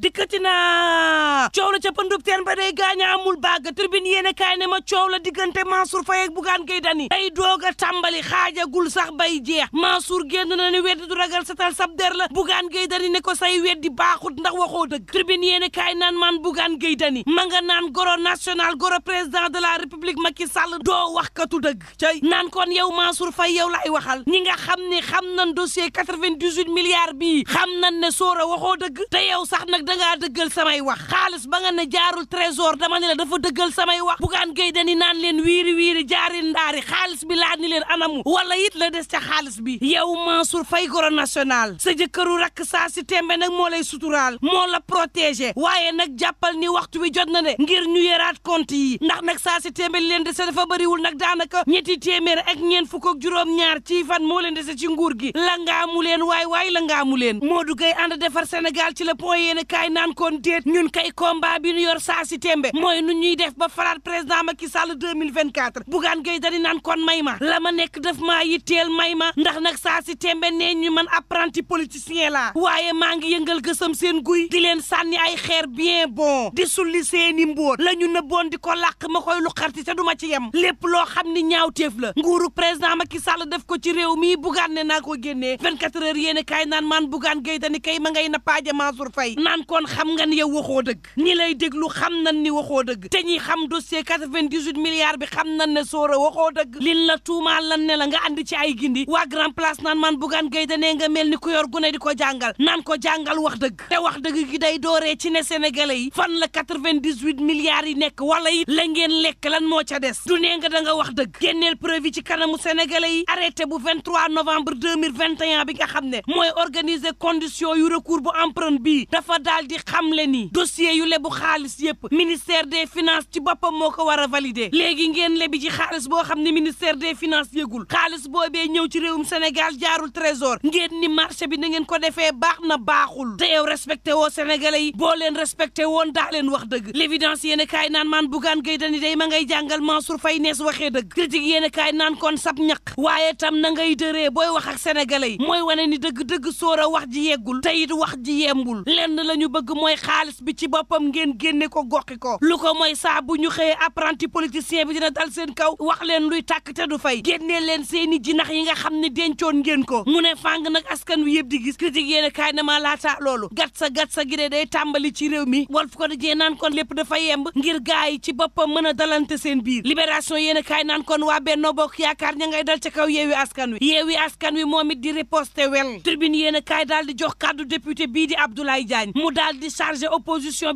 dikkati naa coow la ca pëndub teen ba day gaaña amul bàgg tribune yéene kaay ne ma coow la diggante Mansour Faye ak Bougane Gueye Dany day doog a tàmbali xaajagul sax bay jeex Mansour génn na ne weddi du ragal setal sab der la Bougane Gueye Dany ne ko say weddi baaxut ndax waxoo dëgg tribune yéene kaay naan man Bougane Gueye Dany ma nga naan goro national goro président de la république Macky Sall doo wax katu dëgg cay naan kon yow Mansour Faye yow laay waxal ñi nga xam ne xam nañ dossier 98 milliards bii xam nañ ne soora waxoo dëgg yow sax nag dangaa dëggal samay wax xaalis ba nga ne jaarul trésor dama ne la dafa dëggal samay wax bugaan géy dani naan leen wiiri wiiri jaari ndaari xaalis bi laa ni leen anamu wala it la des ca xaalis bi yow Mansour Faye goro national sa jëkkëru rakk saa si tembe nag moo lay suturaal moo la protégé waaye nag jàppal ni waxtu wi jot na ne ngir ñu yeraat compte yi ndax nag saa si tembe li leen dese dafa bëriwul nag daanaka ñetti téeméer ak ñeent fukk ak juróom-ñaar ci fan moo leen dese ci nguur gi la ngaamu leen waay waay la ngaamu leen Modou Gueye ànd defar Sénégal ci le point yéen Ndiaye naan koon déet ñun kay combat bi ñu yor saa si tembe mooy nu ñuy def ba falaat président Macky Sall 2024 Bougane Gueye Dany naan kon may ma la ma nekk daf maa teel may ma ndax nag saa si tembe nee ñu man apprenti politicien la waaye ma ngi yëngal gësam seen guy di leen sànni ay xeer bien bon di sulli seeni mbóot la ñu nëbboon di ko làq ma koy lu xarti te du ma ci yem lépp loo xam ni ñaaw ñaawteef la nguuru président Macky Sall def ko ci réew mi Bougane ne naa ko génnee 24 heures yéen a kaay naan man Bougane Gueye Dany kay ma ngay na paaje Mansour Faye naan maanaam kon xam nga ni yow waxoo dëgg ñi lay déglu xam nan ni waxoo dëgg te ñi xam dossier 98 milliards bi xam nan ne Soora waxoo dëgg lin la tuumaal lan ne la nga ànd ci ay gindi waa grand place naan man Bougane Gueye Dany nga mel ni ku yor gune di ko jàngal nan ko jàngal wax dëgg te wax dëgg gi day dooree ci ne sénégalais yi fan la 98 milliards yi nekk wala yi la lekk lan moo ca des du nee nga da nga wax dëgg génneel preuve ci kanamu sénégalais yi arrêté bu 23 novembre 2021 bi nga xam ne mooy organiser condition yu recours bu empreinte bii daal di xamle ni dossier yu lebu xaalis yépp ministère des finances ci boppam moo ko war a valider léegi ngeen lebi ci xaalis boo xam ne ministère des finances yëgul xaalis boobee ñëw ci réewum Sénégal jaarul trésor ngeen ni marché bi na ngeen ko defee baax na baaxul te respecté woo Sénégalais yi boo leen respecté woon daa leen wax dëgg l'évidence yéen a kaay naan maan Bougane Gueye ni day ma ngay jàngal Mansour Faye nees waxee dëgg critique yéen naan kon sab ñaq waaye tam na ngay dëree booy wax ak Sénégalais yi mooy wane ni dëgg-dëgg sóor a wax ji yeggul te it wax ji yembul lenn la ñu bëgg mooy xaalis bi ci boppam ngeen génne ko goxi ko lu ko mooy saa bu ñu xëyee apprenti politicien bi dina dal seen kaw wax leen luy tàkk te du fay génnee leen seeni jinax yi nga xam ne dencoon ngeen ko mu ne fàng nag askan wi yëpp di gis critique yéen kaay na maa laata loolu gat sa gat sa gi day tàmbali ci réew mi Walf ko dajee naan kon lépp dafa yemb ngir gaay yi ci boppam mën a dalante seen biir libération yéen kaay naan kon waa Benno Bokk Yaakaar ña ngay dal ca kaw yeewi askan wi yeewi askan wi moom it di riposte wel tribune yéen kaay daal di jox kàddu député bii di Abdoulaye Diagne mu daal di chargé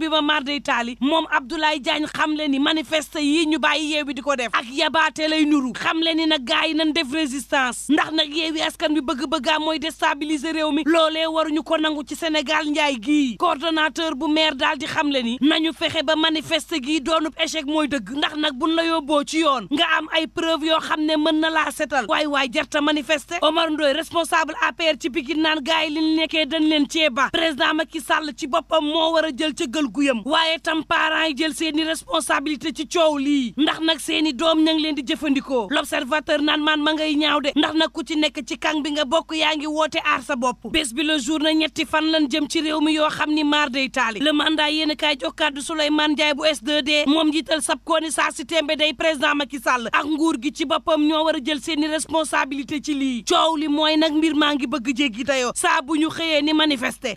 bi ba mardi taali moom Abdoulaye Diagne xam le ni manifeste yi ñu bàyyi yeewi di ko def ak yabaate lay nuru xam le ni nag gars yi nañ def résistance ndax nag yeewi askan bi bëgg-bëggaa mooy déstabiliser réew mi war ñu ko nangu ci Sénégal njaay gii coordonnateur bu maire daal di xam le ni nañu fexe ba manifeste gii doonub échec mooy dëgg ndax nag bu la yóbboo ci yoon nga am ay preuve yoo xam ne mën na laa setal waay waay jarta manifester Omar Ndoye responsable APR ci Pikine naan gars yi li ci boppam moo war a jël cëggal guyam waaye tam parents yi jël seeni responsabilité ci coow lii ndax nag seeni doom ña ngi leen di jëfandikoo l'observateur naan maan ma ngay ñaaw de ndax nag ku ci nekk ci kang bi nga bokk yaa ngi woote aar sa bopp bés bi la jour na ñetti fan lan jëm ci réew mi yoo xam ni maar day taali le mandat yéen kaay jox kàddu Souleymane Ndiaye bu S2D moom jiital sab koo saa si tembe day président Macky Sall ak nguur gi ci boppam ñoo war a jël seeni responsabilité ci lii coow li mooy nag mbir maa ngi bëgg jéggi dayoo saa bu ñu xëyee ni manifester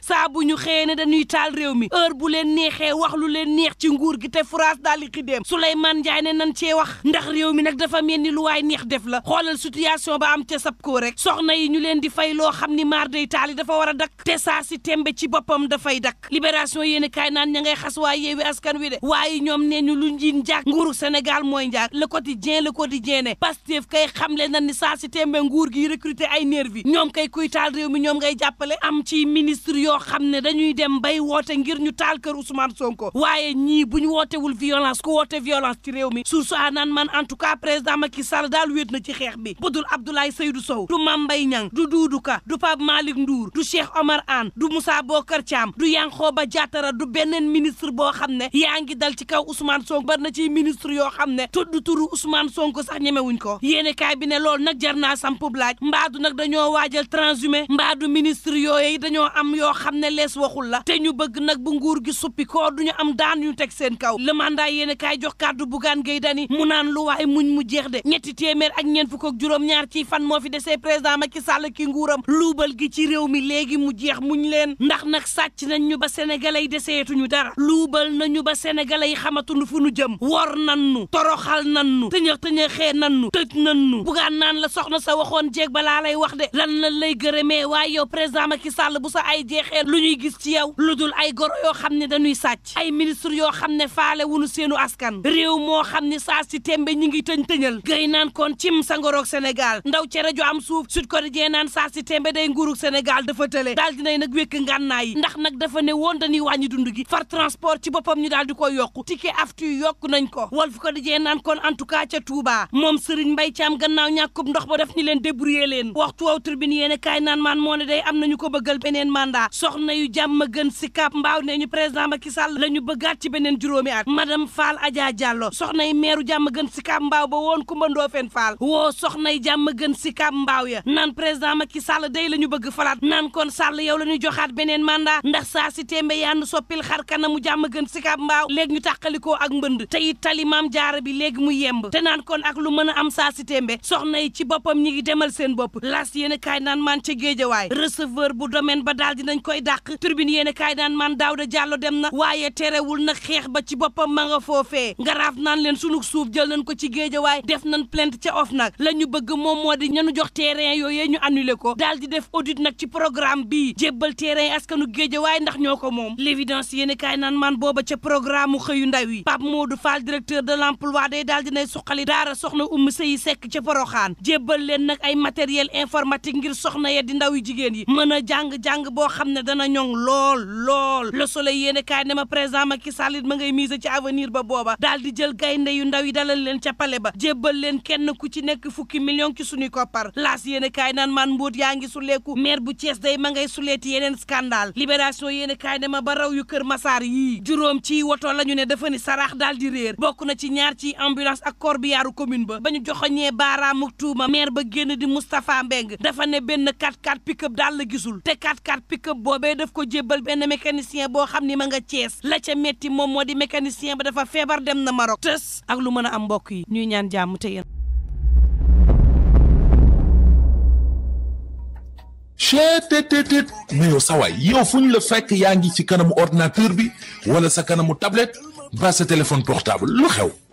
ñuy taal réew mi heure bu leen neexee wax lu leen neex ci nguur gi te France daal di xiddeem Souleymane Ndiaye ne nan cee wax ndax réew mi nag dafa mel ni lu waay neex def la xoolal situation ba am ca SAPCO rek soxna yi ñu leen di fay loo xam ni maar day taali yi dafa war a dakk te saa si tembe ci boppam dafay dakk libération yéeni kaay naan ña ngay xas waa yeewi askan wi de waaye ñoom nee ñu lu njiin njaak nguuru Sénégal mooy njaak le quotidien le quotidien ne Pastef kay xamle na ni saa si tembe nguur gi recruter ay nervi ñoom kay kuy taal réew mi ñoom ngay jàppale am ci ministre yoo xam ne dañuy dem bay woote ngir ñu taal kër Ousmane Sonko waaye ñii bu ñu wootewul violence ku woote violence ci réew mi source a naan man en tout cas président Macky Sall daal wéet na ci xeex bi budul Abdoulaye Seydou Sow du Mame Mbaye Niang du Doudou Ka du Pape Malick Ndour du Cheikh Omar Anne du Moussa Bokar Thiam du Yankhoba Diattara du beneen ministre boo xam ne yaa ngi dal ci kaw Ousmane Sonko bar na ci ministre yoo xam ne tudd turu Ousmane Sonko sax ñemewuñ ko yéene kaay bi ne loolu nag jar naa sampub laaj mbaadu nag dañoo waajal transhumé mbaadu ministre yooyu dañoo am yoo xam ne lees waxul la te ñu bëgg nag bu nguur gi suppi ko ñu am daan ñu teg seen kaw le mandat yéen kaay jox kàddu bugaan gay dani mu naan lu waaye muñ mu jeex de ñetti téeméer ak ñeent fukk ak juróom-ñaar ci fan moo fi desee président Macky Sall ki nguuram luubal gi ci réew mi léegi mu jeex muñ leen ndax nag sàcc nañ ñu ba sénégalais yi deseetuñu dara luubal nañu ba sénégalais yi xamatuñu fu nu jëm wor nan nu toroxal nan nu tëñëx tëñëxee nan nu tëj nan bugaan naan la soxna sa waxoon jeeg balaa lay wax de lan lan lay gërëmee waaye yow président Macky Sall bu sa ay jeexee lu ñuy gis ci yow lu dul ay goro yoo xam ne dañuy sàcc ay ministre yoo xam ne faale wunu seenu askan réew moo xam ne saa si tembe ñi ngi tëñ tëñal gay naan kon cim sa ngoroog Sénégal ndaw ce rajo am suuf Sud jee naan saa si tembe day nguurug Sénégal dafa tële daal dinay nag wékk ngànnaa yi ndax nag dafa ne woon dañuy wàññi dund gi far transport ci boppam ñu daal di ko yokku ticket aftu yi yokku nañ ko Walf Quotidien naan kon en tout cas ca Touba moom Serigne Mbaye Thiam gannaaw ñàkkub ndox ba def ni leen débrouiller leen waxtu waaw tribune yéene naan maan moo am nañu ko bëggal beneen mandat soxna yu jàmm gën dem Mbaaw nee ñu président Macky Sall la ñu bëggaat ci beneen juróomi at madame Fall Adja soxna yi meeru jàmm gën si Cap Mbaaw ba woon Kumba Ndoofeen Fall woo soxnay jàmm gën si Cap Mbaaw ya naan président ki Sall day la ñu bëgg falaat naan kon Sall yow la ñu joxaat beneen mandat ndax saa si tembe yaanu soppil xar kanamu jàmm gën si Cap Mbaaw léegi ñu tàqalikoo ak mbënd te it tali maam jaara bi léegi mu yemb te naan kon ak lu mën a am saa si tembe soxna yi ci boppam ñi ngi demal seen bopp las yéen kaay naan maan ca géejawaay receveur bu domaine ba daal dinañ koy dàq turbine yéen kaay naan man Daouda Diallo dem na waaye terewul nag xeex ba ci boppam ma nga foofee ngaraaf naan leen sunu suuf jël nañ ko ci géejawaay def nañ plainte ca OFNAC la ñu bëgg moom moo di ñanu jox terrain yooyee ñu annulé ko daal di def audit nag ci programme bii jébbal yi askanu géejawaay ndax ñoo ko moom l'évidence yéen kaay naan man booba ca programme mu xëyu ndaw yi moo Modou Fall directeur de l'emploi day daal dinay suqali daara soxna umu sëyi sekk ca poroxaan jébbal leen nag ay matériel informatique ngir soxna ya di ndaw yi jigéen yi mën a jàng-jàng boo xam ne dana ñoŋ lool lool la soleil yéene kaay ma président ma Sall it ma ngay mise ci avenir ba booba daal di jël gaynde yu ndaw yi dalal leen ca ba jébbal leen kenn ku ci nekk fukki million ci suñuy koppar laas yéene kaay naan maan mbóot yaa ngi suleeku maire bu cees day ma ngay suleeti yeneen scandale libération yéene kaay ma ba raw yu kër Masaar yii juróom ci woto la ñu ne dafa ni saraax daal di réer bokk na ci ñaar ci ambulance ak corbillaaru commune ba ba ñu joxoñee baaraamu tuuma maire ba génn di Moustapha Mbeng dafa ne benn 4 4 pick daal la gisul te 4 4 pick-up boobee ko jébbal na mécanicien boo xam ni ma nga Cees la ca metti moom moo di mécanicien ba dafa feebar dem na Maroc tës ak lu mën a am mbokk yi ñuy ñaan jàmm te yéen chetttt yow sawaay yow fu ñu la fekk yaa ngi ci kanamu ordinateur bi wala sa kanamu tablette ba sa téléphone portable lu xew